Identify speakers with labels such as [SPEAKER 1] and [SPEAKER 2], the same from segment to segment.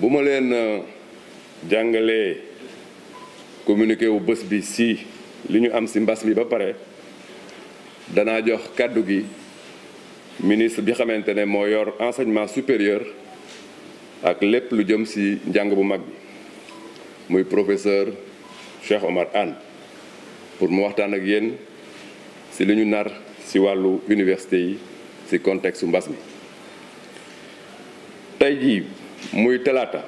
[SPEAKER 1] buma len euh, jangale communiquer wu bëss bi si li ñu am ci mbass bi ba paré dana jox kaddu gi ministre bi xamantene ne yor enseignement supérieur ak lepp lu jëm ci jang bu mag bi muy professeur Cheikh Omar An. pour mu waxtan ak yeen si li ñu nar ci walu université yi si contexte mbass bi tay ji muy telata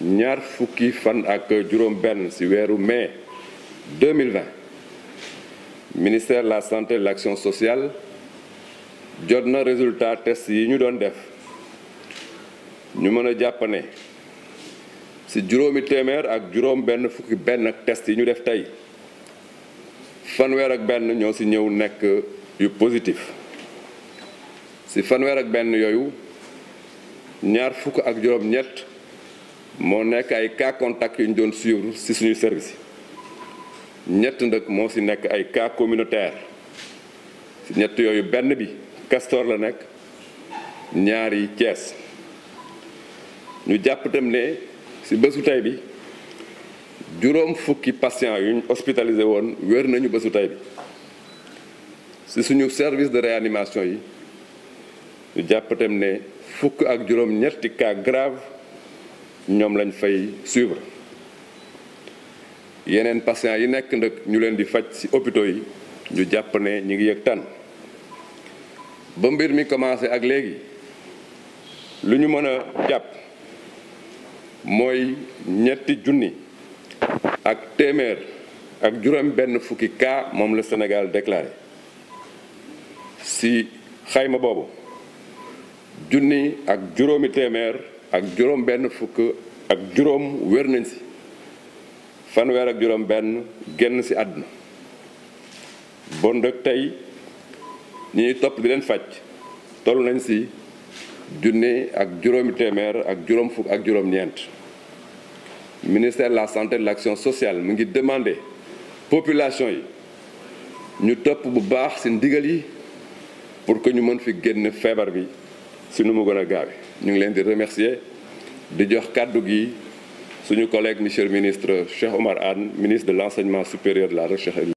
[SPEAKER 1] ñaar fukki fan ak si benn si weeru mai 2020 ministère de la santé et de l'action sociale jot résultat test yi ñu doon def ñu mën a ci juróomi téeméer ak juróom-benn fukki benn test yi ñu def ak yu positif ci fanweer ak ñaar fukk ak juróom-ñett moo nekk ay cas contact yu ñu doon suivre ci suñu service ñett ndëkk moo ci nekk ay cas communautaire ci ñett yooyu benn bi Castor la nekk ñaari yi ñu jàpp itam ne ci bésu tey bi juróom fukki patient yuñ hospitalisé woon wér nañu bésu tey bi ci suñu service de réanimation yi ñu jàpp ne fukk ak juróom ñetti grave ñoom lañ fay suivre yeneen patients yi nekk nag ñu leen di faj ci hôpitaux yi ñu jàpp ne ñu ngi yëg tànn ba mbir mi commencé ak léegi lu ñu mën a jàpp mooy ñetti junni ak téeméer ak juróom benn fukki cas moom la Sénégal déclaré ci xayma boobu junni ak juróomi témèr ak juróom benn fukk ak juróom wér nañ si fanweer ak juróom benn génn si àdduna bon dëkk tey ñi ñuy topp di leen faj toll nañ si junni ak juróomi témèr ak juróom fukk ak juróom ñeent ministère de la santé et de l'action sociale mu ngi demandé population yi ñu topp bu baax si ndigal yi pour que ñu mën fi génn feebar bi si voulons remercier Didier jox nos collègue monsieur le ministre Cheikh Omar Anne ministre de l'enseignement supérieur de la recherche